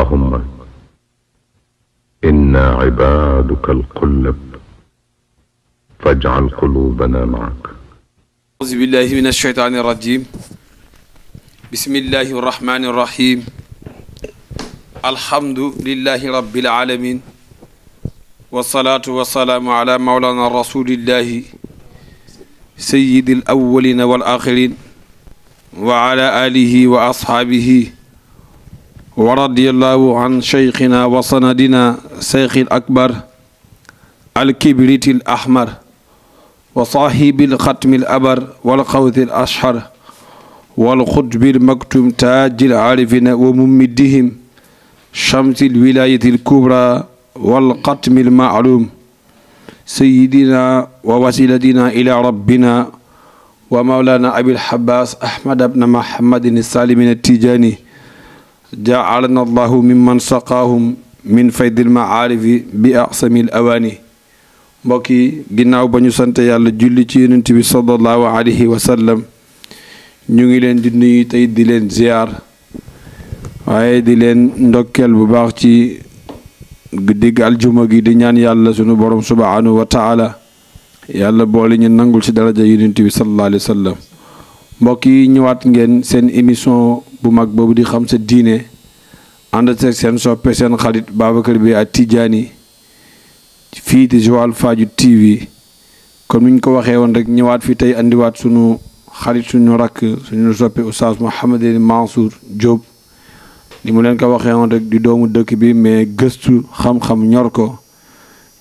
اللهم إنا عبادك القلب فاجعل قلوبنا معك أعوذ بالله من الشيطان الرجيم بسم الله الرحمن الرحيم الحمد لله رب العالمين والصلاة والسلام على مولانا رسول الله سيد الأولين والآخرين وعلى آله وأصحابه ورضي الله عن شيخنا وسندنا شيخ الأكبر الكبريت الأحمر وصاحب الختم الأبر والقوث الأشهر والخطب المكتوم تاج العارفين وممدهم شمس الولاية الكبرى والقتم المعلوم سيدنا ووسيلتنا إلى ربنا ومولانا أبي الحباس أحمد بن محمد السالم التيجاني jaalana allahu mimman saqaahum min faydil maarifi bi axsamil awaani mbokk yi ginnaaw ba ñu sant yàlla julli ci yonent bi sallallahu alayhi wa ñu ngi leen di nuyu tey di leen ziyaar waaye di leen ndokkeel bu baax ci digg aljuma gi di ñaan yàlla sunu borom subhaanahu wa taala yàlla boole ñu nangul ci daraja yonent bi sallallahu alayhi wa mbokk yi ñëwaat ngeen seen émission bu mag boobu di xam sa diine ànd ak seen soppe seen xarit Babacar bi ak Tidjani fii di Joal Fadiouth TV comme ni ñu ko waxee woon rek ñëwaat fi tey indiwaat sunu xarit suñu rakk suñu soppe oustaz Mouhamadine Mansour Diop ni mu leen ko waxee woon rek di doomu dëkk bi mais gëstu xam-xam ñor ko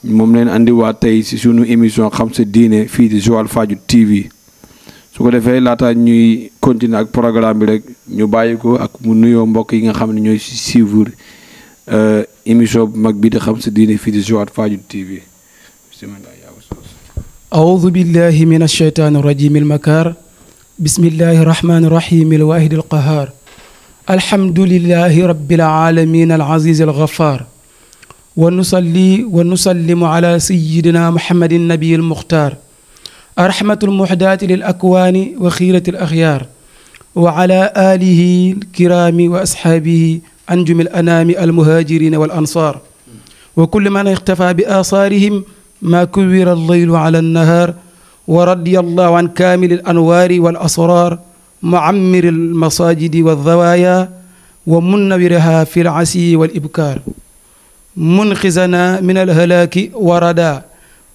moom leen andiwaat tey si sunu émission xam sa diine fii di Joal Fadiouth TV su ko defee laata ñuy continuer ak programme bi rek ñu bayiko ak mu nuyo mbokk yi nga xamni ñoy ci suivre euh émission bu mag bi di xam sa diine fi di Joal faju TV bismillah yaa ustaas أعوذ بالله من الشيطان الرجيم المكار بسم الله الرحمن الرحيم الواحد القهار الحمد لله رب العالمين العزيز الغفار ونصلي ونسلم على سيدنا محمد النبي المختار رحمة المحدات للأكوان وخيرة الأخيار وعلى آله الكرام وأصحابه أنجم الأنام المهاجرين والأنصار وكل من اختفى بآثارهم ما كبر الليل على النهار ورضي الله عن كامل الأنوار والأسرار معمر المساجد والزوايا ومنورها في العسي والإبكار منقذنا من الهلاك وردا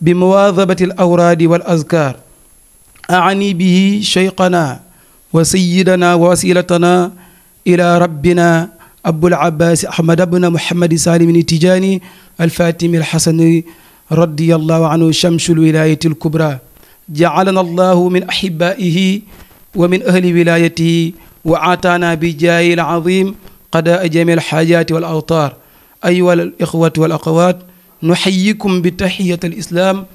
بمواظبة الأوراد والأذكار أعني به شيقنا وسيدنا ووسيلتنا إلى ربنا أبو العباس أحمد بن محمد سالم التجاني الفاتم الحسني رضي الله عنه شمس الولاية الكبرى جعلنا الله من أحبائه ومن أهل ولايته وعاتانا بجاه العظيم قضاء جميع الحاجات والأوطار أيها الإخوة والأخوات نحييكم بتحية الإسلام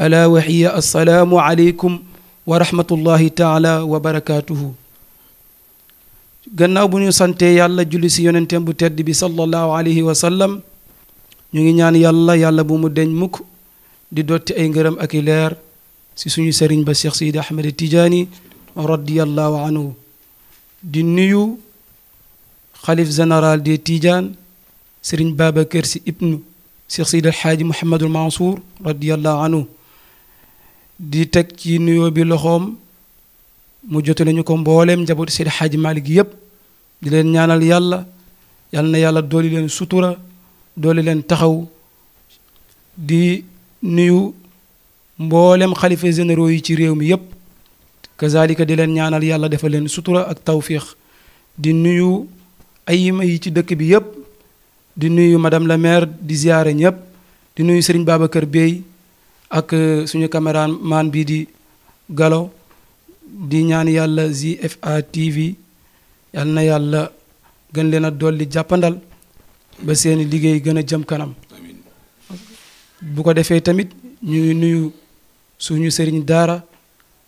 ألا وهي السلام عليكم ورحمة الله تعالى وبركاته gannaaw bu ñu santee yàlla julli si yonenteem bu tedd bi sallallahu alayhi wa sallam ñu ngi ñaan yàlla yàlla bu mu deñ mukk di dotti ay ngërëm ak i leer si suñu sëriñ ba Cheikh Sidi Ahmed Tidiane radiyallahu anhu di nuyu xalif général des Tidiane sëriñ Babacar Sy ibnu Cheikh Seydi El Hadji Mouhamadul Mansour radiyallahu anhu di teg ci nuyoo bi loxoom mu jote nañu ko mbooleem njabootu Seydi El Hadji Malick di leen ñaanal yàlla yal na yàlla dooli leen sutura dooli leen taxaw di nuyu mboolem xalifa généraux yi ci réew mi yëpp kazalika di leen ñaanal yàlla defal leen sutura ak tawfiq di nuyu ayima yi ci dëkk bi yëpp di nuyu madame la maire di ziare ñëpp di nuyu Serigne Babacar Bey ak euh, suñu caméraman bii di Galo di ñaan yàlla ZFA yàlla gën leen a dolli jàppandal ba seeni liggéey gën a jëm kanam bu ko defee tamit ñuy nuyu suñu sëriñ daara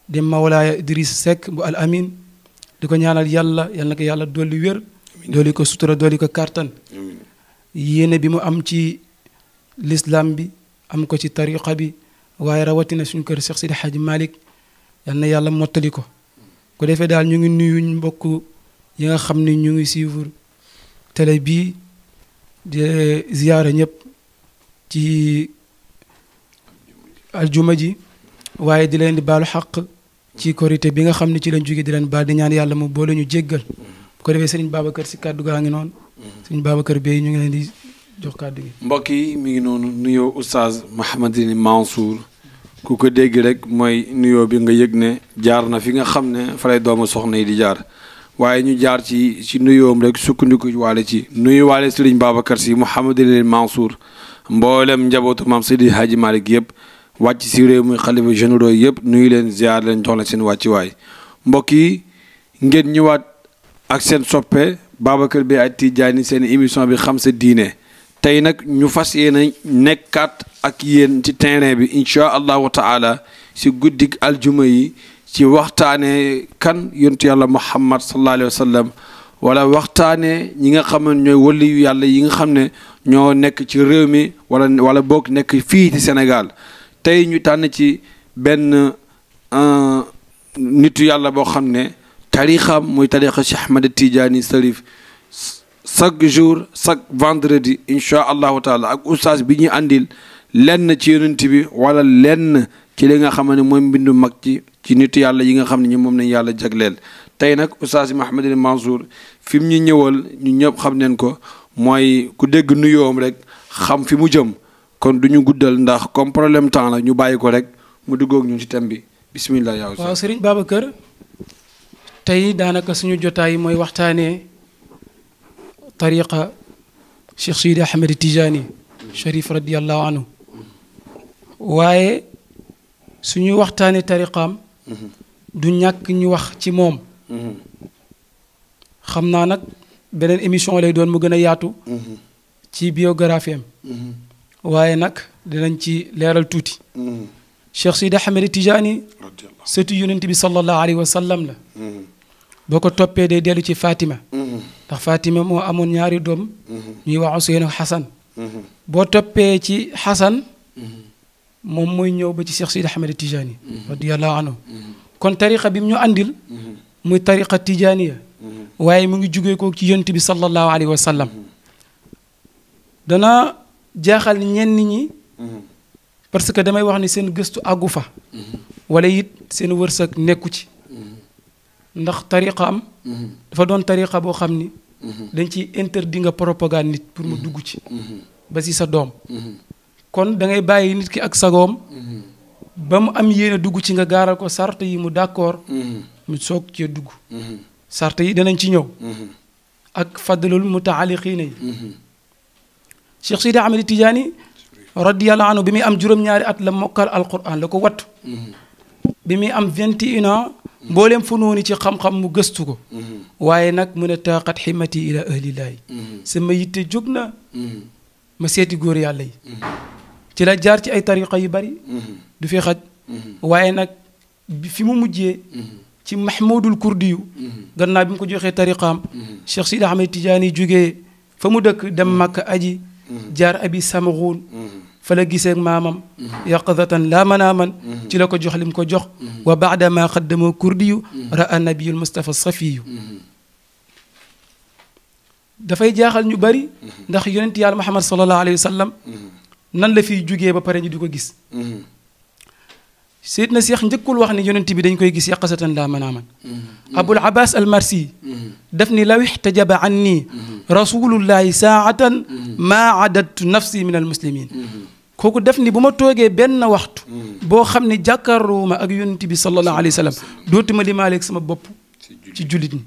di Mawlaaya Idriss Seck bu al amin di ko ñaanal yàlla yal na yàlla dolli wér dolli ko sutura dolli ko kàttan yéene bi mu am ci lislaam bi am ko ci tariqa bi waaye rawatina suñu kër Cheikh Sidi Hadj Malick yal na yàlla mottali ko ku defee daal ñu ngi nuyu mbokk yi nga xam ni ñu ngi suivre télé bii di ziyaara ñëpp ci aljuma ji waaye di leen di baalu xaq ci korité bi nga xam ne ci lañ jóge di leen baal di ñaan yàlla mu boole ñu jéggal bu ko defee sëriñ Babacar si kàddu gaa ngi noonu. sëriñ kër bee ñu ngi leen di jox kàddu gi. mbokk yi mi ngi noonu nuyoo oustaz Mouhamadine Mansour ku ko dégg rek mooy nuyoo bi nga yëg ne jaar na fi nga xam ne fa doomu soxna yi di jaar. waaye ñu jaar ci si nuyoom rek sukkandiku waale ci nuyu waale sëriñ Babacar si Mouhamadine Mansour mboolem njabootu maam Seydi Hadji Malick yëpp wàcc si réew mi xalifa généraux yëpp nuyu leen ziar leen jox leen seen wàcciwaay mbokk yi ak seen soppe Babacar bi ay Tidiane seen émission bi xam sa diine tey nag ñu fas yéene nekkaat ak yéen ci terrain bi incha allahu taala si guddig aljuma yi ci waxtaanee kan yontu yàlla muhammad sallallahu alayhi wala waxtaanee ñi nga xam ne ñooy wali yàlla yi nga xam ne ñoo nekk ci réew mi wala wala boog nekk fii ci Sénégal tey ñu tànn ci benn euh, nitu yàlla boo xam ne tariixam muy tariixa Cheikh Ahmed Tidiane Sarif chaque jour chaque vendredi incha allahu taala ak oustaz bi àndil len ci yonent bi wala lenn ci li nga xam ne mooy mbindu mag ci ci nitu yàlla yi nga xam ne ñi moom nañ yàlla jagleel tey nag oustaz Mouhamadul Mansour fi mu ñu ñëwal ñu ñëpp xam ko mooy ku dégg nuyoom rek xam fi mu jëm kon du guddal ndax comme problème temps la ñu bàyyi rek mu duggoog ñun ci thème bi bisimilah. waaw Serigne Babacar. تاي دانكا سنيو جوتاي موي وقتاني طريقة شيخ سيدي أحمد التجاني شريف رضي الله عنه واي سنيو وقتاني طريقة دنياك نيو وقت تي موم خمنا نك بلن اميشون لي دون مغنى ياتو تي بيوغرافيم واي نك دنان تي ليرال توتي شيخ سيدي أحمد التجاني سيدي يونتي بي صلى الله عليه وسلم لا. boo ko toppee day dellu ci Fatima. Mm-hmm. ndax Fatima moo amoon ñaari doom. Mm-hmm. ñuy wax Ousseynou ak Xasan. Mm-hmm. boo toppee ci Xasan. moom mooy ñëw ba ci Cheikh Sidi Ahmed Tijani. radiyallahu anhu kon tariqa bi mu ñu andil. muy tariqa ya waaye mu ngi jugee ko ci yonent bi sallallahu alayhi wa sallam. dana jaaxal ñenn ñi. parce que damay wax ni seen gëstu àggu fa. walla it seen wërsëg nekku ci. ndax tariqa am. dafa doon tariqa boo xam ni. dañ ci interdit nga propagande nit pour mu dugg ci. ba si sa doom. kon da ngay bàyyi nit ki ak sagoom. ba mu am yéene dugg ci nga gaaral ko sart yi mu d'accord. mu soog cee dugg. sart yi danañ ci ñëw. ak fadlul mutaaliqiina yi. Cheikh Sidi Ahmed Tidiane radiyallahu anhu bi muy am juróom-ñaari at la mokkal alquran la ko wattu. bi muy am vingt et un ans mbooleem funooni ci xam-xam mu gëstu ko mhm. waaye nag mu ne taaxat ximati ila ahlillaahi mhm. sama yitte jóg na mhm. ma seeti góor yàlla yi ci la jaar ci ay tariqa yu bari du fi xaj waaye nag fi mu mujjee ci mahmoudul kurdi yu gannaaw bi mu ko joxee tariqaam cheikh sidi ahmed tidiane yi jógee fa mu dëkk dem màkk aji jaar abi samaxuun فلا جيسك مامم يقظة لا مناما تلك جوخ لم كجوخ وبعد ما خدمه كرديو رأى النبي المصطفى الصفي دفاي جاخل ني بري داخ يونت يال محمد صلى الله عليه وسلم نان لا في جوغي با بري ني ديكو غيس سيدنا شيخ نديكول واخ ني يونت بي دنجكاي غيس يقظة لا مناما ابو العباس المرسي دفني لو احتجب عني رسول الله ساعة ما عددت نفسي من المسلمين koku def ni buma toge ben waxtu bo xamni jakaruma ak yonent bi sallallahu alayhi wasallam sallam dootuma limaaleeg sama bop ci julit ñi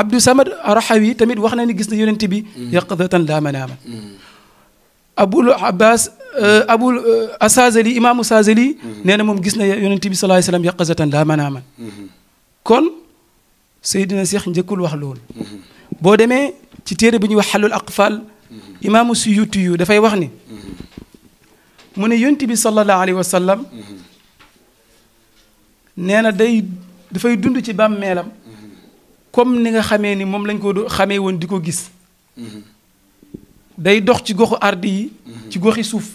Abdou Samad arhawi tamit waxna ni gis na yonent bi yaqdatan la manaaman abul abbas abul asazali imam asazali nee mom gis na yonent bi sallallahu alayhi wasallam yaqdatan la manaaman kon Seydina sheikh njëkkul wax lol bo deme ci tere biñu wax halul aqfal imaamu suyuti yu dafay wax ni mu ne yonti bi sallallahu alayhi wa sallam nee na day dafay dund ci bàmmeelam comme ni nga xamee ni moom lañ ko xamee woon di ko gis day dox ci goxu ardi yi ci goxi suuf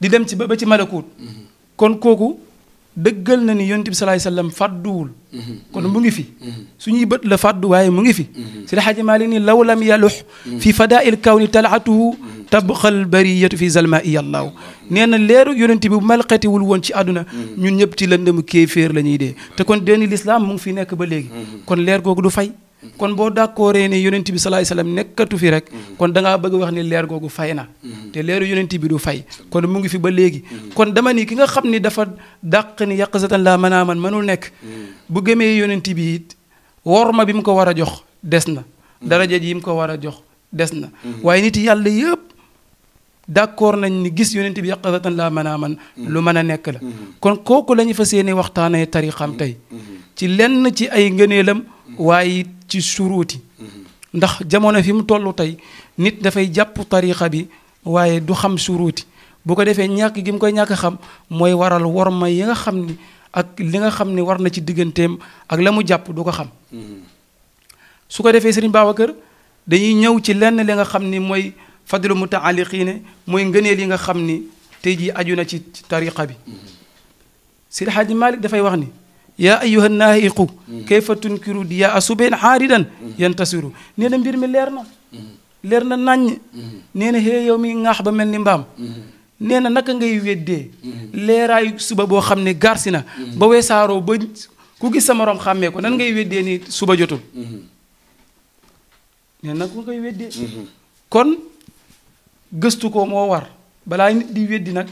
di dem ci ba ci malakuut kon kooku deugal na ni yonnti bi sallallahu alayhi wasallam fàdduwul kon mu ngi fi suñuy beut le fàddu waye mu ngi fi si la xaji maalik law lam yaluh fi fadail kawni talaatuhu tabxal bariyatu fi zalma'i allah neena leeru yonnti bi bu wul won ci aduna ñun ñëpp ci lëndëm kéeféer la ñuy dee te kon deni l'islam mu ngi fi nek ba legi kon leer gogu du fay kon boo d'accordee ne yonent bi salaay salaam nekkatu fi rek mhm. kon da ngaa bëgg wax ni leer googu fay na mhm. te leeru yonent bi du fay kon mu ngi fi ba léegi mhm. kon dama nii ki nga xam ni dafa dàq ni yàqsatan laa mën a man mënul nekk bu gëmee yonent bi it worma bi mu ko war a jox des na daraja ji ko war a jox des na waaye nit yàlla yëpp d'accord nañ ni gis yonent bi yàqsatan laa mën a man lu mën a nekk la kon kooku la ñu fas yéene waxtaanee tariqam tey ci lenn ci ay ngëneelam waaye it ci suruuti ndax jamono fi mu toll tey nit dafay jàpp tariixa bi waaye du xam suruuti boo ko defee ñàkk gi mu koy ñàkk xam mooy waral worma yi nga xam ni ak li nga xam ni war na ci digganteem ak la mu jàpp du ko xam su ko defee baaw a kër dañuy ñëw ci lenn li nga xam ni mooy fadlu mutaaliqiine mooy ngëneel yi nga xam ni tey jii aju na ci tariqa bi Seydi Haaji Malik dafay wax ni yaa ayyuha naahiqu kayfa tunkiru diyaa a suben haaridan yantasiru nee na mbir mi leer na leer na naññ nee na xëy mi ŋaax ba mel ni mbaam nee na naka ngay weddee leeraayu suba boo xam ne garsi na ba weesaaroo ba ku gis sa morom xàmmee ko nan ngay weddee ni suba jotul nee na ngay weddee kon gëstu ko moo war balaa nit di weddi nag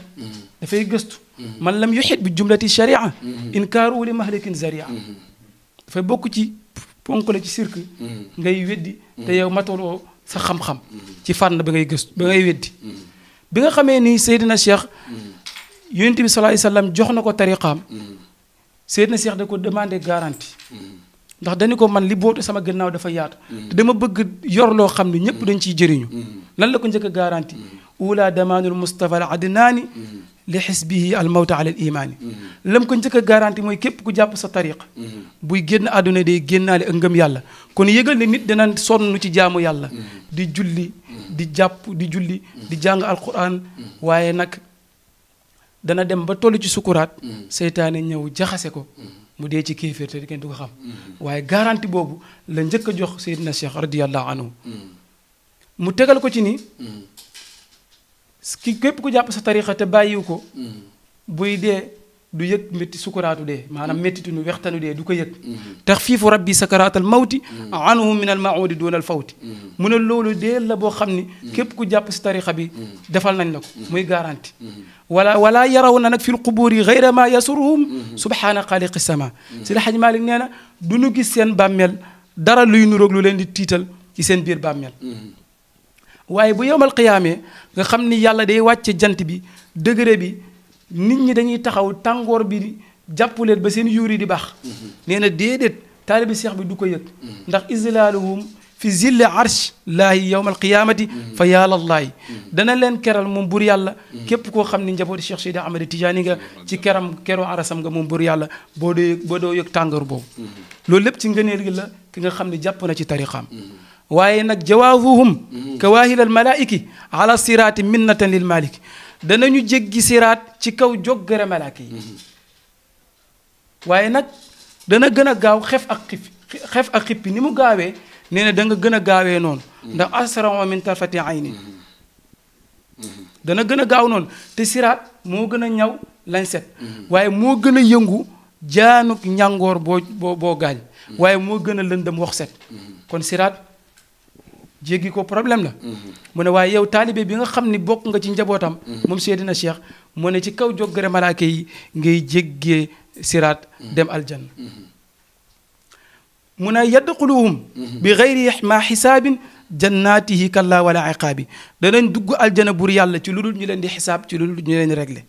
dafay gëstu Mm-hmm. man lam yuxit bi jumlati sharia mm-hmm. inkaaru li mahlikin zaria mm-hmm. dafay bokk ci ponk la ci cirque ngay weddi te yow sa xam-xam ci fànn ba ngay gëstu ba ngay weddi nga xamee ni Seydina Cheikh yonent bi sallallahu alayhi wasallam jox na ko tariqaam na Cheikh da ko demandé garantie ndax dañu ko man li bootu sama gannaaw dafa yaat te dama bëgg yor loo xam ne ñëpp dañ ciy jëriñu lan la ko njëkk a garantie oula damaanul li xisbihi al mawta ala al imaani mhm. lam ko njëkk garanti mooy képp ku jàpp sa tariqa mhm. buy génn àdduna day génnaale ak yàlla kon yëgal ne nit dana sonn ci jaamu yàlla mhm. di julli di jàpp di julli di jàng alquran waaye nag dana dem ba toll ci sukkuraat seytaane ñëw jaxase ko mu dee ci kéeféer te kenn du xam waaye garanti boobu la njëkk jox seydina cheikh radiallahu anhu mu tegal ko ci ni ki képp ku jàpp sa tarixa te bàyyiwu ko buy dee du yëg métti sukuraatu dee maanaam méttitu nu wextanu dee du ko yëg taxfiifu rabbi sakaraatal mawti anhu min al maudi doonal fawti mu ne loolu dee la boo xam ni képp ku jàpp si tarixa bi defal nañ la ko muy garanti wala wala yaraw na nag fi l gayra ma yasuruhum subhaana xaaliqi sama si la xaj maalik nee na du ñu gis seen bàmmeel dara luy nuroog lu leen di tiital ci seen biir bàmmeel waaye bu yowmal qiyaamee nga xam ni yàlla day wàcce jant bi degré bi nit ñi dañuy taxaw tàngoor bi jàppuleen ba seen yuuri di bax nee na déedéet taalibi seex bi du ko yëg ndax islaaluhum fi zilli arsh laahi yowmal qiyaamati fa yàllallaahi dana leen keral moom bur yàlla képp koo xam ni njabooti Cheikh Seydi Ahmad Tijaani nga ci keram kero arasam nga moom bur yàlla boo doo yëg boo doo yëg tàngoor boobu loolu lépp ci ngëneel gi la ki nga xam ne jàpp na ci tariqaam waaye nag jawaazuhum kawaahil al malaa'iki ala siraati minnatan lil malik danañu jéggi siraat ci kaw joggare nag dana gën a gaaw xef ak xippi ni mu gaawee nee na da gën a gaawee noonu ndax asra min tarfati ayni dana gën a gaaw noonu te siraat moo gën a ñaw lañ set waaye moo gën a yëngu jaanuk ñàngoor boo boo gaañ waaye moo gën a lëndëm wax set kon siraat djegi ko problème la mune way yow talibé bi nga xamni bok nga ci njabotam mom Seydina Cheikh mune ci kaw joggare malaaka yi ngay djegge sirat dem aljan mune yadkhuluhum bi ghayri ma xisaabin jannatihi kalla wala iqaabi danañ dugg aljana bur yàlla ci lulul ñu leen di hisab ci lulul ñu leen di réglé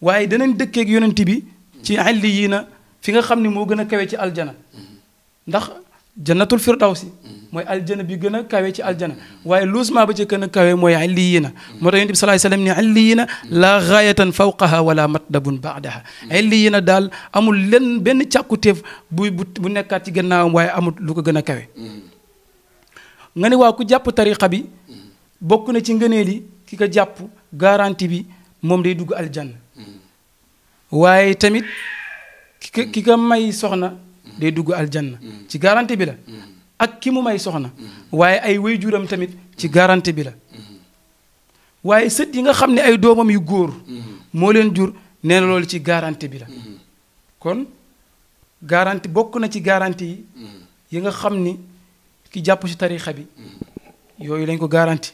waaye danañ dëkkeeg yonenti bi ci aliyina fi nga xamni mo gëna kawe ci aljana ndax jannatul firdawsi mooy aljana bi gën a kawe ci aljana waaye luusement ba ci gën a kawe mooy alliyiina moo tax yonent bi salaay salaam ne alliyiina laa gaayatan fawqaha wala matdabun baadaha alliyiina daal amul benn càkkutéef bu nekkaat ci gannaawam waaye amul lu ko gën a kawe nga ne waa ku jàpp tariqa bi bokk na ci ngëneel yi ki ko jàpp garanti bi moom day dugg aljana waaye tamit ki ko ki ko may soxna day dugg aljanna mm-hmm. ci garanti bi la mm-hmm. ak ki mu may soxna mm-hmm. waaye ay juram tamit ci garanti bi la waaye sët yi nga xam ne ay doomam yu góor moo leen jur neena na loolu ci garanti bi la kon garanti bokk na ci garanti yi yi nga xam ni ki jàpp ci tarixa bi yooyu lañ ko garanti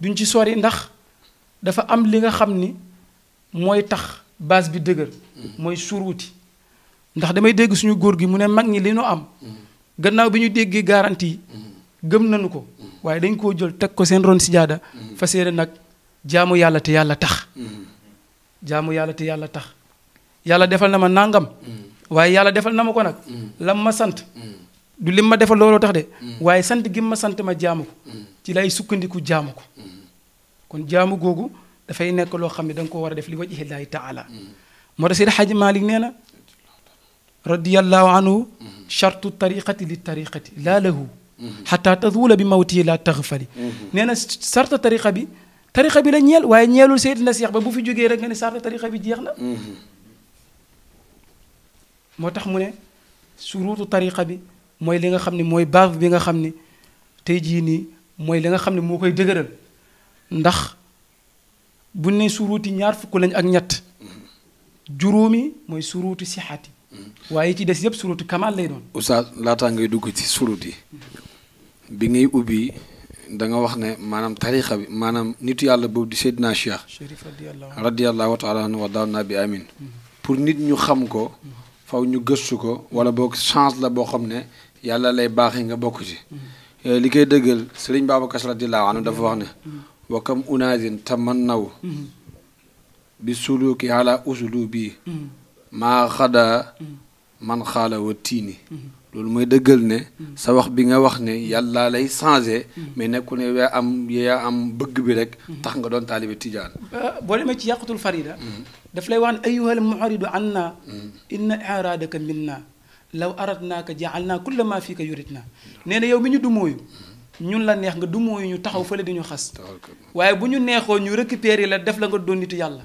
duñ ci sori ndax dafa am li nga xam ni mooy tax base bi dëgër mooy suruuti ndax damay dégg suñu góor gi mu ne mag ñi li ñu am gannaaw bi ñu déggee garantie gëm nañu ko waaye dañ koo jol teg ko seen ron sijaada fa yéene nag jaamu yàlla te yàlla tax jaamu yàlla te yàlla tax yàlla defal na ma nangam waaye yàlla defal na ma ko nag lam ma sant du lim ma defal looloo tax de waaye sant gi ma sant ma jaamu ko ci lay sukkandiku jaamu ko kon jaamu googu dafay nekk loo xam ne da nga ko war a def li wajhi llaahi taala moo tax Seydi Hajji Maalik nee na رضي الله عنه شرط الطريقة للطريقة لا له حتى تذول بموته لا تغفلي نينا شرط الطريقة بي طريقة بي لنيال وهي نيال سيد الناس يخبر بوفي جو غير غني شرط الطريقة بي ديغنا موتاخ موني شروط الطريقة بي موي ليغا خامني موي باف بيغا خامني تاي جي ني موي ليغا خامني موكاي دغرل ndax bu ne suruti ñaar fukk lañ ak ñett juróomi mooy suruti sixati waaye ci des yëpp suratu kamal lay doon. oustaz laataa ngay dugg ci surut yi. bi ngay ubbi danga wax ne maanaam tarixa bi maanaam nit yàlla boobu di Seydina Cheikh. radiyallahu taala anhu wa daana bi amin pour nit ñu xam ko. faw ñu gëstu ko wala boo chance la boo xam ne yàlla lay baaxee nga bokk ci. Eh, li koy dëggal Serigne Babacar radiyallahu anhu dafa wax ne. wa kam unaadin tamannaw bi suluki ala usulubi bii. maa xadaa man xaala wa tiini loolu mooy dëggal ne sa wax bi nga wax ne yàlla lay changé mais nekku ne yaa am yaa am bëgg bi rek tax nga doon taalibe tiijaan euh, boo demee ci yàqutul farida daf lay wax ne ayuhal muaridu anna inna iraadaka minna law aradnaaka jaalnaa kulla maa fiika yuridna nee na yow mi ñu dumooyu ñun la neex nga dumooyu ñu taxaw fële di ñu xas waaye bu ñu neexoo ñu récupérer la def la nga doon nitu yàlla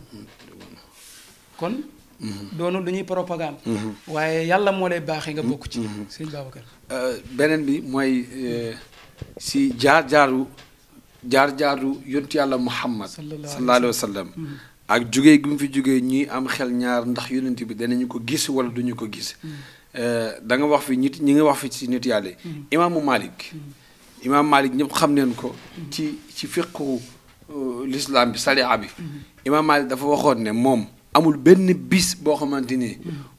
kon Mm-hmm. doonul lu ñuy propagande. Mm-hmm. waaye yàlla moo lay baaxee nga bokk ci. Mm-hmm. sëñ Babacar. Euh, beneen bi mooy euh, si jaar jaaru jaar jaaru yontu yàlla Muhammad. sallallahu alayhi wa sallam. ak jóge gi mu fi jógee ñuy am xel ñaar ndax yonent bi danañu ko gis wala duñu ko gis. Euh, da nga wax fi nit ñi nga wax fi si nit yàlla. imaamu Malik. imaam Malik ñëpp xam neen ko. ci ci fiqu l'islam bi sariya bi. imaam Malik dafa waxoon ne moom. amul benn bis boo xamante ni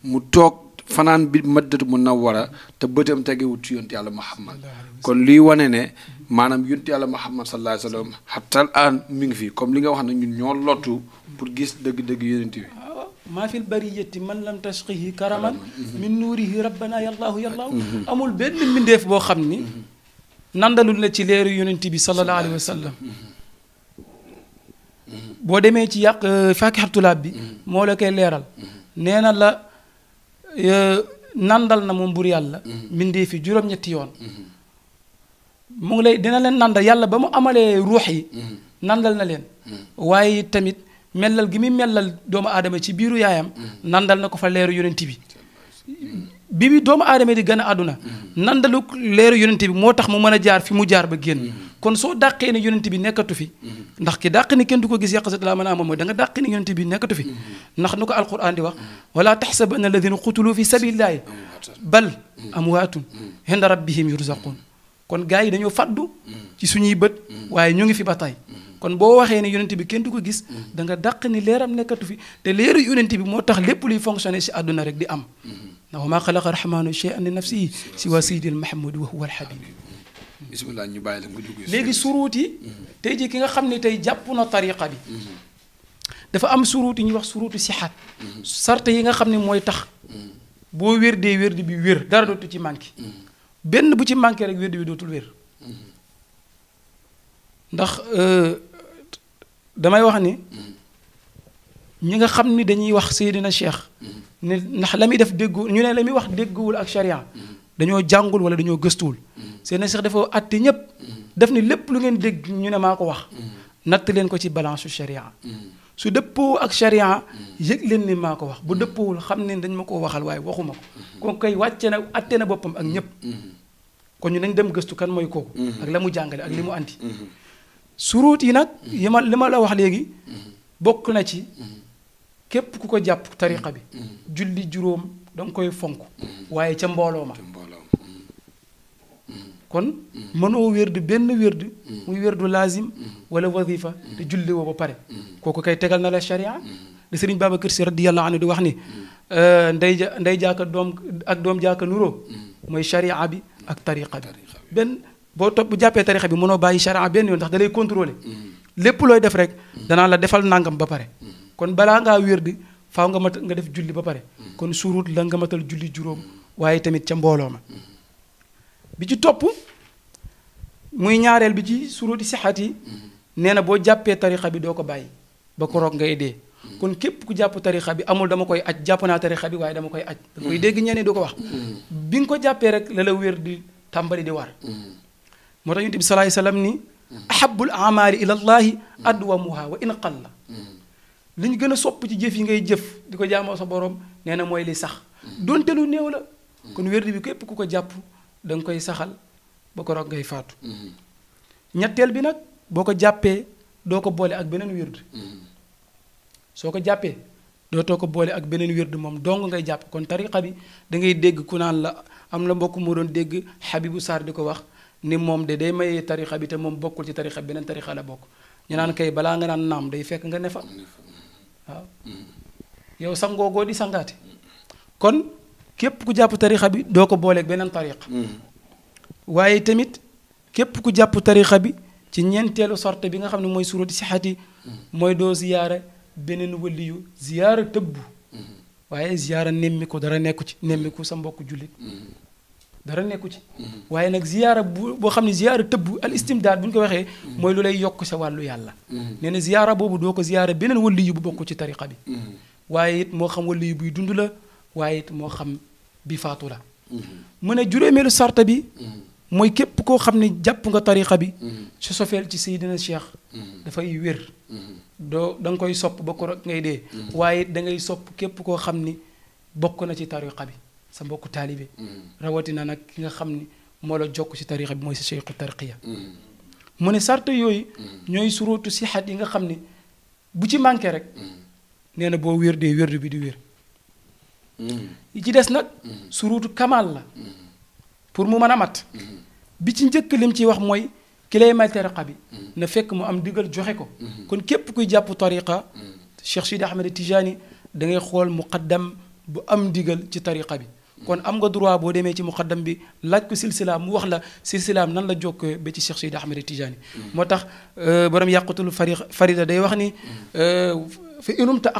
mu toog fanaan bi maddatu mu nawara te bëtam tegewut ci yonti yàlla muhammad kon luy wane ne maanaam yonti yàlla muhammad sallallahu alayhi wa sallam xatal aan mi ngi fi comme li nga wax ne ñun ñoo lottu pour gis dëgg-dëgg yonent bi maa fil bariyati man lam tashqihi karaman min nuurihi rabbana yallaahu yallaahu amul benn mbindeef boo xam ni nandalul na ci leeru yonent bi sallallahu alayhi wa sallam boo demee ci yàq euh, fakixatulaab bi mm-hmm. moo la koy leeral mm-hmm. nee na la euh, nandal na moom bur yàlla mm-hmm. mbindee fi juróom-ñetti yoon mu ngi lay dina leen nandal yàlla ba mu amalee ruux yi nandal na leen waaye tamit mellal gi muy mellal doomu aadama ci biiru yaayam nàndal na ko fa leeru yonent bi bibi doomu aadama di gën a àdduna nandalu leeru yonent bi moo tax mu mën a jaar fi mu jaar ba génn kon soo dàqee ne yonent bi nekkatu fi ndax ki dàq ni kenn du ko gis yàqsat la mën a amoon da nga dàq ni yonent bi nekkatu fi ndax nu ko alquran di wax wala taxsab anna alladina qutulu fi sabilillahi bal amwaatun inda rabbihim yurzaqun kon gars yi dañoo faddu ci suñuy bët waaye ñu ngi fi ba tey kon boo waxee ne yonent bi kenn du ko gis da nga dàq ni leeram nekkatu fi te leeru yonent bi moo tax lépp luy fonctionner si àdduna rek di am انه ما خلق الرحمن شيئا لنفسه سوى سيدي المحمود وهو الحبيب بسم الله ني بايل نغ دوغي لغي سروتي تيجي كيغا خامني تاي جابنا الطريقه دي دا فا ام سروتي ني واخ سروتي صحه شرط ييغا خامني موي تخ بو وير دي وير دي بي وير دار دوتو تي مانكي بن بو تي مانكي رك وير دي دوتول وير ndax euh damay wax mm-hmm. ñi nga xam dañuy wax sayidina Cheikh ne ndax lamuy def déggu ñu ne lamuy muy wax dégguwul ak sharia dañoo jàngul wala dañoo gëstuwul Seydina Cheikh dafa atti ñep daf ni lépp lu ngeen dégg ñu ne mako wax nat leen ko ci balance sharia su deppo ak sharia yëg leen ni mako wax bu dëppoowul xam ne dañ mako waxal way waxumako ko kay wàcce na àtte na bopam ak ñep ko ñu nañ dem gëstu kan moy kooku ak lamu jàngale ak limu mu andi suruut yi nak yi lima la wax legi bokku na ci képp ku ko jàpp tariqa bi mm. Mm. julli juróom da koy fonk mm. waaye ca mbooloo ma kon mënoo wérdu benn wérdu muy wérdu laazim wala wazifa te julli woo ba pare kooku kay tegal na la sharia li sëriñ Babacar Si radiyallahu anhu di wax ni euh, ndey ja ndey jaaka doom ak doom jaaka nuroo mooy sharia bi ak tariqa bi benn boo topp bu jàppee tariqa bi mënoo bàyyi sharia benn yoo ndax da lay lépp looy def rek danaa la defal nangam ba pare kon bala nga wér di faaw nga mat nga def julli ba pare kon surut la nga matal julli juróom waaye tamit ca mbooloo ma bi ci topp muy ñaareel bi ci suruti sixaat yi nee na boo jàppee tarixa bi doo ko bàyyi ba koroog ngay dee kon képp ku jàpp tariqa bi amul dama koy aj jàpp naa tariqa bi waaye dama koy aj da koy dégg ñeneen du ko wax bi nga ko jàppee rek la la wér di tàmbali di war moo tax yonent bi salaay salaam ni ahabul amaali ila llahi adwamuha wa in qalla li ñu gën a sopp ci jëf yi ngay jëf di ko jaamoo sa boroom nee na mooy li sax donte lu néew la kon wérdi bi képp ku ko jàpp da nga koy saxal ba ko roog ngay faatu ñetteel bi nag boo ko jàppee doo ko boole ak beneen wérdi soo ko jàppee dootoo ko boole ak beneen wérdi moom dong ngay jàpp kon tariqa bi da ngay dégg ku naan la am na mbokk mu doon dégg Habibou Sarr di ko wax ni moom de day mayee tariqa bi te moom bokkul ci tariqa beneen tarixa la bokk ñu naan kay balaa nga naan naam day fekk nga ne waaw sa sangoogoo di sangaate kon képp ku jàpp tarixa bi doo ko booleeg beneen tariqa waaye tamit képp ku jàpp tarixa bi ci ñeenteelu sorte bi nga xam ne mooy surati sixati mooy doo ziyaara beneen waliyu ziyaara tëbbu waaye ziyaara nemmi dara nekku ci nemmi sa mbokk jullit dara nekku ci waaye nag ziyaara bu boo xam ne ziyaara tëbb al istimdaad bu ñu ko waxee mooy lu lay yokk sa wàllu yàlla mm-hmm. nee na ziyaara boobu doo ko ziyaara beneen wali yu bu bokk ci tariqa bi mm-hmm. waaye moo xam wali buy dund la waaye moo xam bi faatu la mm-hmm. mu ne juróomeelu sarta bi mooy képp koo xam ne jàpp nga tariqa bi su sofeel ci Seydina Cheikh dafay wér doo da koy sopp ba ko ngay dee waaye da ngay sopp képp koo xam ni bokk na ci tariqa bi sa mbokku taalibe rawatina nag ki nga xam ni moo la jokk ci tarixa bi mooy sa cheikhu tarqiya mu ne sarta yooyu ñooy suróotu sixat yi nga xam ni bu ci manqué rek nee na boo wér dee wérdu bi di wér yi ci des nag suruutu kamal la pour mu mën mat bi ci njëkk lim ci wax moy kilay mal tariqa bi na fekk mu am digal joxe ko kon képp kuy jàpp tariqa Cheikh Sidi Ahmed Tijani da ngay xol muqaddam bu am digal ci tariqa bi kon am nga droit boo demee ci muqaddam bi laaj ko silsilaam mu wax la silsilaam nan la jokk ba ci Cheikh Seydi Ahmed Tidiane moo tax borom yàqutul fari farida day wax ni fa inum ta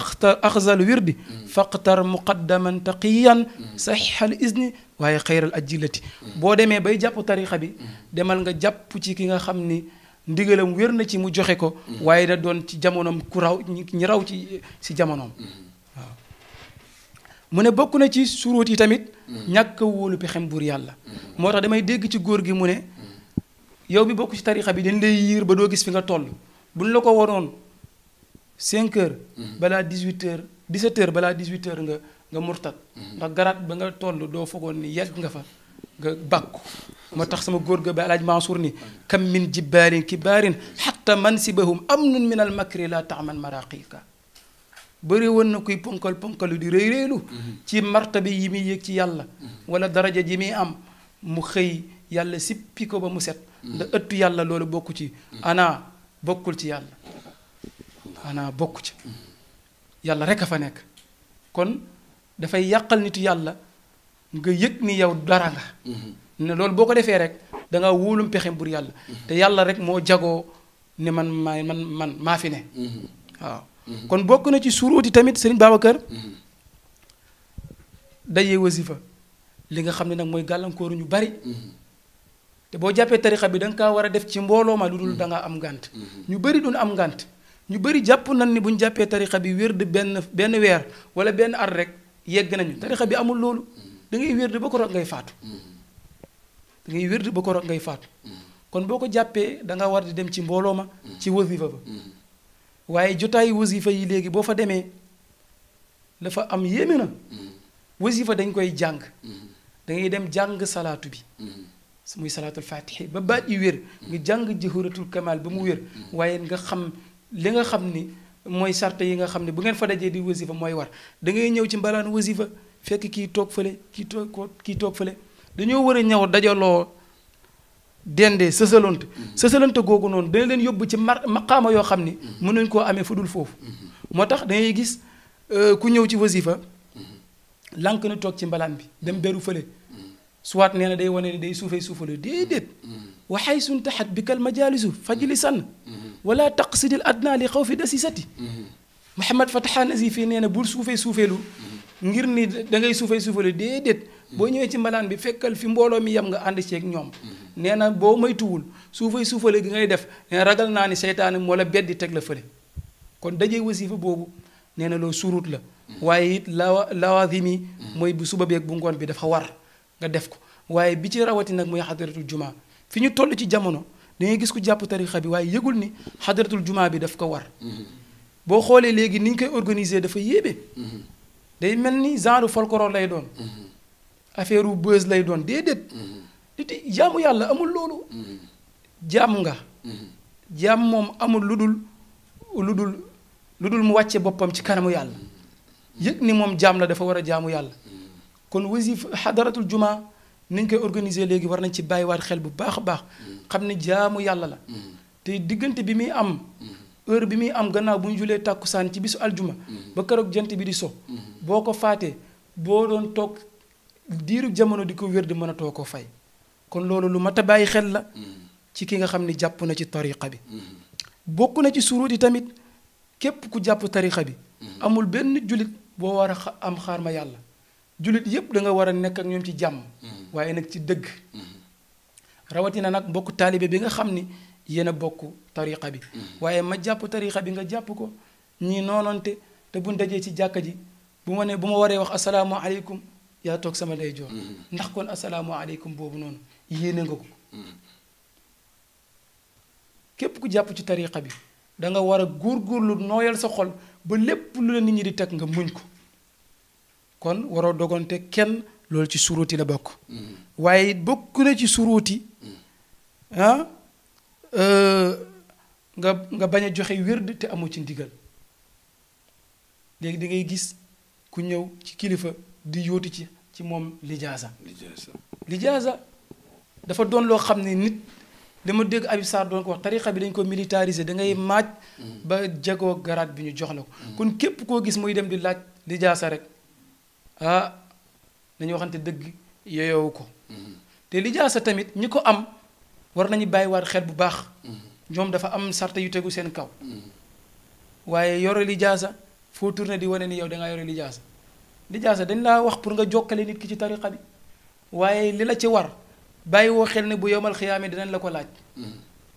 axzal wirdi faqtar muqaddaman taqiyan saxixal isni waaye al ajilati boo demee bay jàpp tarixa bi demal nga jàpp ci ki nga xam ni ndigalam wér na ci mu joxe ko waaye da doon ci jamonoom ku raw ñi raw ci si jamonoom mu ne bokk na ci suróot yi tamit ñàkk a wóolu xem bur yàlla moo tax damay dégg ci góor gi mu ne yow mi bokk ci tarixa bi dañ lay yiir ba doo gis fi nga toll buñ la ko waroon 5 heures balaa 18 heures 17 heures balaa 18 heures nga nga murtat ndax garaat ba nga toll doo fogoon ni yàgg nga fa nga bàkku moo tax sama góor ga ba alaaj Mansour ni kam min jibbaarin kibaarin xatta mansibahum amnun min al makri la taaman maraqika bëri woon na kuy ponkal ponkalu di rëy rëylu mhm. ci marta bi yi muy yëg ci yàlla mhm. wala daraja ji muy am mu xëy yàlla sippi ko ba mu set nda mhm. ëtt yàlla loolu bokku ci ana bokkul ci yàlla ana bokku ci yàlla rek a fa nekk kon dafay yàqal nitu yàlla nga yëg ni yow dara nga ne loolu boo ko defee rek da wóolu wóolum pexem yàlla te yàlla rek moo jagoo ne man maa man maa fi ne waaw kon bokk na ci suruuti tamit sëriñ Babacar dajee wasifa li nga xam ne nag mooy gàllankoor ñu bari te boo jàppee tarixa bi danga nga war a def ci mbooloo ma lu dul da ngaa am ngànt ñu bari duñ am ngànt ñu bari jàpp nañ ni buñ jàppee tarixa bi wér de benn weer wala benn at yegg nañu tarixa bi amul loolu da ngay wér de ba ko roog ngay faatu da ngay wér de ba ko roog ngay faatu kon boo ko jàppee danga war di dem ci mbooloo ma ci wasifa ba waaye jotaay wasifa yi léegi boo fa demee dafa am yéeme na mm-hmm. wasifa dañ koy jàng mm-hmm. da dem jàng salaatu bi mm-hmm. muy salaatul faatihi ba baat yi wér nga jàng jëhuratul kamal ba mu wér waaye nga xam li nga xam ni mooy sarte yi nga xam ne bu ngeen fa dajee di wasifa mooy war dangay ñëw ci mbalaan wasifa fekk kii toog fële kii toog kii toog fële dañoo war a ñaw dajaloo dende sësalante sësalante googu noonu dana leen yóbbu ci ma maqaama yoo xam ni mën nañ koo amee fu dul foofu moo tax dangay gis euh, ku ñëw ci wasifa lank na toog ci mbalaan bi dem beru fële soit nee na day wane ne day suufee suufale déedéet suñ taxat bi kal majaalisu fajli sànn wala taqsidil adna li xaw fi dasisati Mouhamad Fatahan Asifi nee na bul suufee suufeelu ngir ni da ngay suufee suufale déedéet boo ñëwee ci mbalaan bi fekkal fi mbooloo mi yem nga ànd ceeg ñoom neena boo moytuwul suufay suufale gi ngay def nee ragal naa ni seytaane moo la beddi teg la fële kon dajee wasifa boobu nee na loolu surut la waaye it lawa lawazimi mooy bu suba beeg bu ngoon bi dafa war nga def ko waaye bi ci rawati nag mooy xadaratul juma fi ñu toll ci jamono da ngay gis ku jàpp tarixa bi waaye yëgul ni xadaratul juma bi daf ko war boo xoolee léegi ni koy organiser dafa yéebe mm-hmm. mel ni genre folklore lay doon mm-hmm. affaire u bës lay doon déedéet. Mm-hmm. nit jaamu yàlla amul loolu. Mm-hmm. jaam nga. Mm-hmm. jaam moom amul lu dul lu dul lu dul mu wàcce boppam ci kanamu yàlla. yëg ni moom jaam la dafa war a jaamu yàlla. kon wasif xadaratul juma niñ koy organiser léegi war nañ ci bàyyiwaat xel bu baax a baax. xam ne jaamu yàlla la. te diggante bi muy am. heure bi muy am gannaaw bu ñu julee tàkkusaan ci bisu aljuma. ba keroog jant bi di so. boo ko faatee boo doon toog. diirug jamono di ko wér di mënatoo koo fay kon loolu lu mat a bàyyi xel la ci ki nga xam ni jàpp na ci tariqa bi bokk na ci suruut yi tamit képp ku jàpp tariqa bi amul benn julit boo war a am xaar ma yàlla julit yépp da nga war a nekk ak ñoom ci jàmm waaye nag ci dëgg rawatina nag mbokk taalibe bi nga xam ni yéen a bokk tariqa bi waaye ma jàpp tariqa bi nga jàpp ko ñii noonante te bu ñu dajee ci jàkka ji bu ma ne bu ma waree wax asalaamaaleykum yaa toog sama day joor mm-hmm. ndax kon asalaamaaleykum boobu noonu yéene nga ko mm-hmm. képp ku jàpp ci tariqa bi danga war a góorgóorlu nooyal sa xol ba lépp lu la nit ñi di teg nga muñ ko kon waroo dogante kenn loolu ci suruuti la bokk mm-hmm. waaye bokk na ci suruuti ah euh, nga bañ a joxe wérd te amoo ci ndigal léegi dangay gis ku ñëw ci kilifa di yóoti ci ci moom lijaasa lijaasa dafa doon loo xam ne nit dama dégg ab Sarr doon ko wax tariqa bi dañ ko militariser da ngay mm. maaj mm. ba jegoo garaat bi ñu jox la ko mm. kon képp koo gis muy dem di laaj lijaasa rek ah dañu waxante dëgg yoyowu ko mm-hmm. te lijaasa tamit ñi ko am war nañu bàyyiwaat xel bu baax mm-hmm. ñoom dafa am sarta yu tegu seen kaw mm-hmm. waaye yore lijaasa foo tourné di wane ni yow da ngaa yore lijaasa lijaasa dañ laa wax pour nga jokkale nit ki ci tariqa bi waaye li la ci war bàyyi woo xel ne bu yomal xiyaame dinañ la ko laaj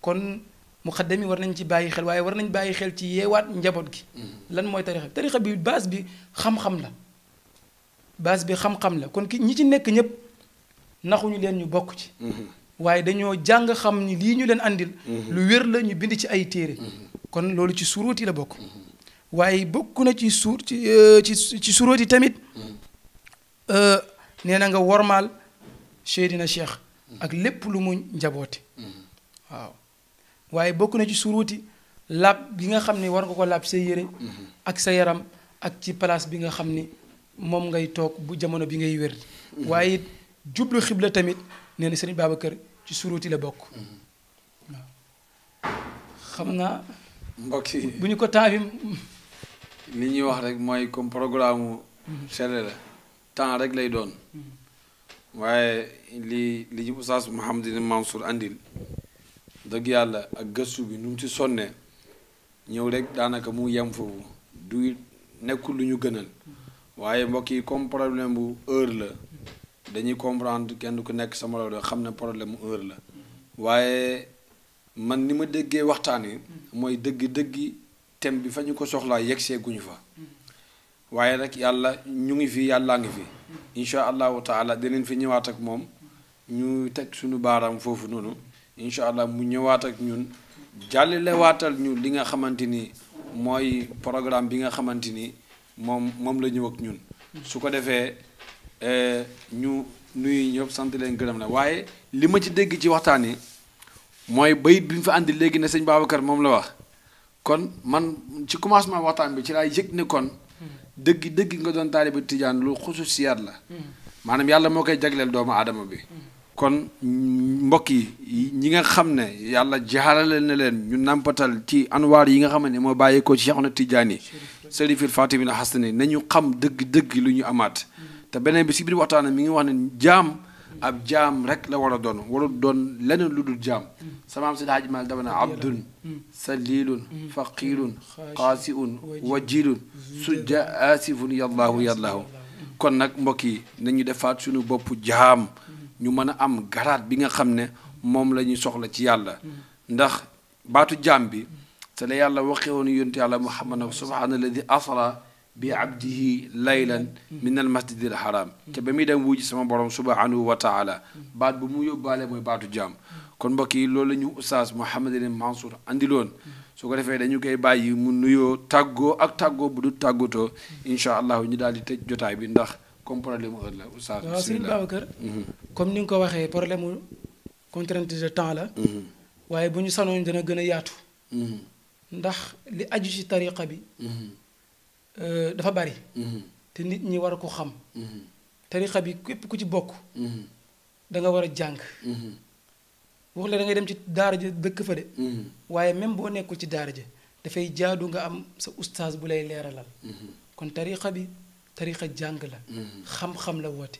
kon muqaddam yi war nañ ci bàyyi xel waaye war nañ bàyyi xel ci yeewaat njaboot gi lan mooy tariqa bi tariqa bi base bi xam-xam la base bi xam-xam la kon ki ñi ci nekk ñépp naxuñu leen ñu bokk ci waaye dañoo jàng xam ni lii ñu leen andil uhuh. lu wér la ñu bind ci ay téere uhuh. kon loolu ci suruut yi la bokk uhuh. waaye bokk na ci suur ci euh, ci ci suróot tamit mm. euh, nee na nga wormaal Seydina Cheikh mm. ak lépp lu mu njaboote mm. waaw waaye bokk na ci suróoti laab gi nga xam ni war nga ko laab sa yére mm-hmm. ak sa yaram ak ci place bi nga xam ni moom ngay toog bu jamono bi ngay wér mm-hmm. waaye jublu xibla tamit nee seen Sëriñ kër ci suróoti la bokk mm-hmm. waaw xam naa bu ñu ko taawim li ñuy wax rek mooy comme programme sele mhm. la temps rek lay doon mhm. waaye li li ñu Oustaz Mouhamadine Mansour andil dëgg yàlla ak gëstu bi nu mu ci sonnee ñëw rek daanaka mu yem foofu du nekkul lu ñu gënal mhm. waaye mbokk yi comme problème bu heure la dañuy comprendre kenn ku nekk sama loolu xam ne problème heure la waaye man ni ma déggee waxtaan wi mooy dëgg-dëgg thème bi fa ñu ko soxlaa yegsee guñu fa waaye nag yàlla ñu ngi fi yàllaa ngi fi incha allahu taala dinañ fi ñëwaat ak moom ñu teg suñu baaraam foofu noonu incha allah mu ñëwaat ak ñun jàllalewaatal ñu li nga xamante ni mooy programme bi nga xamante ni moom moom la ñëw ak ñun su ko defee eh, ñu nuyu ñëpp sant leen gërëm la waaye li ma ci dégg ci waxtaan yi mooy bayit bi ñu fa àndi léegi ne sëñ Babacar moom la wax kon man ci commencement waxtaan bi ci laay yëg ne kon dëgg dëgg nga doon taalibe tijaan lu xususiyaat la maanaam yàlla moo koy jagleel doomu adama bi kon mbokk yi ñi nga xam ne yàlla jaarale na leen ñu nampatal ci anwaar yi nga xam ne moo bàyyeekoo ci Seexuna Tijaan yi Serifil Fatimina Hasani nañu xam dëgg dëgg lu ñu amaat te beneen bi si biir waxtaan mi ngi wax ne jaam ab rek la war a doon warul doon leneen lu dul jaam samaam si daaj maal dama ne abdun saliilun faqiirun qaasiun wajiilun sujja aasifun yallaahu yallaahu kon nag mbokk yi nañu defaat suñu bopp jaam ñu mën am garat bi nga xam ne moom la ñuy soxla ci yàlla ndax baatu jaam bi te la yàlla waxee woon yàlla muhammad subhaana alladi asra بعبده ليلا من المسجد الحرام te ba muy dem wuji sama borom subhanahu wa taala baat bu mu yóbbaale mooy baatu jaam kon mbokk yi loolu la ñu oustaz Mouhamed El Mansour andiloon su ko defee dañu koy bàyyi mu nuyoo tàggoo ak tàggoo bu du tàggatoo incha allah ñu daal di tëj jotaay bi ndax comme problème heure la oustaz waaw sëñ Babacar comme ni nga ko waxee problème mu contrainte de temps la waaye bu ñu sanoon dina gën a yaatu ndax li aju ci tariqa bi Euh, dafa bari te nit ñi war a ko xam tarixa bi képp ku ci bokk danga war a jàng wax dangay dem ci daara ja dëkk fa de waaye même boo nekkul ci daara ja dafay jaadu nga am sa ustaas bu lay leeralal kon tarixa bi tarixa jàng la xam-xam la woote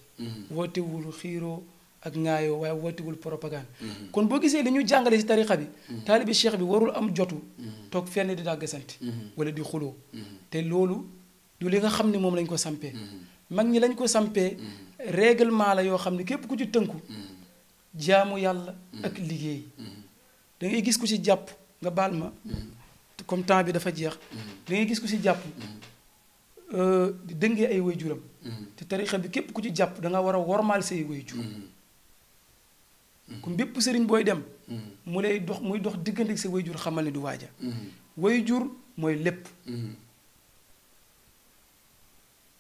wootewul xiiroo ak ŋaayoo waaye wattigul propagande mhm. kon boo gisee li ñu jàngale si tarixa bi mhm. taalibi cheikh bi warul am jotu mhm. toog fenn di dàggasante wala di xuloo te loolu du li nga xam ne moom lañ ko sampee mag ñi lañ ko sampee réglement la yoo xam ne képp ku ci tënku jaamu yàlla ak liggéey dangay gis ku ci jàpp nga baal ma comme temps bi dafa jeex da gis ku ci jàpp euh, di dëngee ay waajuram te tarixa bi képp ku ci jàpp da nga war a wormaal say waajur comme bépp sëriñ booy dem mm-hmm. mu lay dox muy dox diggante sa way jur xamal ne du waaja mm-hmm. way jur mooy lépp mm-hmm.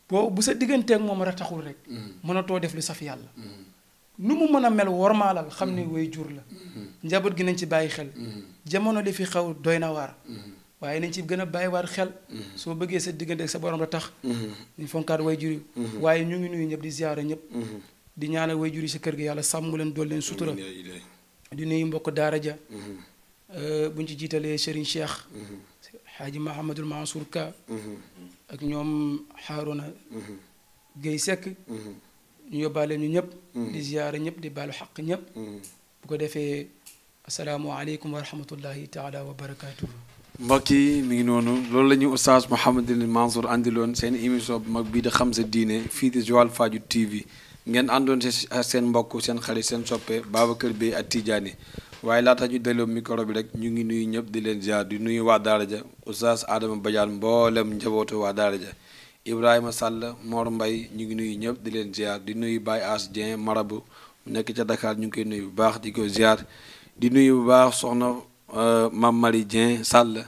boo bu sa digganteeg moom rataxul rek mënatoo def lu saf yàlla nu mu mën a mel wormaalal xam ne way jur la njaboot gi nañ ci bàyyi xel jamono li fi xaw doy na waar waaye nañ ci gën a bàyyiwaat xel soo bëggee sa diggante ak sa borom la tax ñu fonkaat way jur yi waaye ñu ngi nuyu ñëpp di ziyaara ñëpp di ñaanal way juri si kër gi yàlla sàmm leen dool leen sutura di nuyu mbokk daara ja mm-hmm. euh, buñ ci jiitalee Serigne Cheikh xaaji mm-hmm. Mahamadul Mansour Ka mm-hmm. ak ñoom Haaruna Guèye Seck ñu yóbbaale ñu ñëpp di ziyaara ñëpp di baalu xaq ñëpp bu ko defee asalaamualeykum wa rahmatullahi taala wa barakaatu. mbokk yi mi ngi noonu loolu la ñuy oustaz Mouhamadul Mansour andiloon seen émission bu mag bii di xam sa diine fii di Joal Fadiouth TV ngeen àndoon si seen mbokk seen xarit seen soppee soppe kër bi ak Tidjani waaye laata ñu delloo micro bi rek ñu ngi nuyu ñëpp di leen ziar di nuyu waa daara ja Oustaz Adama Badiane mboolem njabootu waa daara ja Ibrahima Sall Mor Mbaye ñu ngi nuyu ñëpp di leen ziar di nuyu Baye As Dieng marabu nekk ca dakaar ñu ngi koy nuyu bu baax di ko ziar di nuyu bu baax soxna euh, Mame Marie Dieng Sall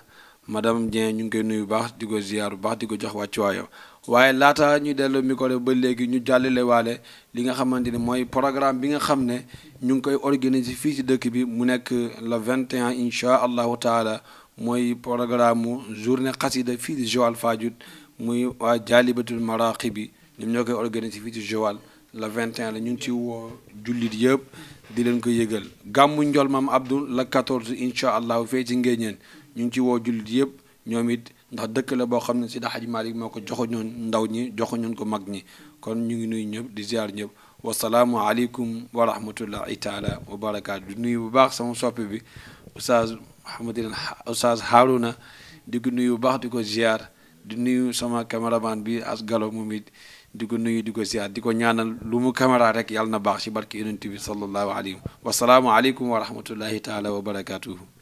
madame Dieng ñu ngi koy nuyu bu baax di ko ziar bu baax di ko jox wàcc waayo waaye laata ñu delloo micro ba léegi ñu jàllale waale li nga xamante ni mooy programme bi nga xam ne ñu ngi koy organiser fii ci dëkk bi mu nekk le 21 incha allahu taala mooy programme mu journée xasida fii di Joal Fadiouth muy waa jaalibatul maraqi bi ñoom ñoo koy organiser fii ci Joal le 21 la ñu ngi ci woo jullit yëpp di leen koy yëgal gàmmu njol maam Abdou la 14 incha allah fee ci ngéeñeen ñu ngi ci woo jullit yëpp ñoom it ndax dëkk la boo xam ne Seydi Hadji Malick moo ko joxo ñoon ndaw ñi joxoñoon ko mag ñi kon ñu ngi nuyu ñëpp di ziar ñëpp wasalaamu aleykum wa rahmatullahi taala wa barakaatu di nuyu bu baax sama soppi bi oustaz Mouhamadine oustaz Harouna di ko nuy bu baax di ko ziar di nuyu sama caméraman bi as galo moom it ko nuyu di ko ziar di ko ñaanal lu mu caméra rek yàlla na baax si barke yonent bi sallallahu alayhi wa salaamu aleykum wa rahmatullahi taala wa barakaatuhu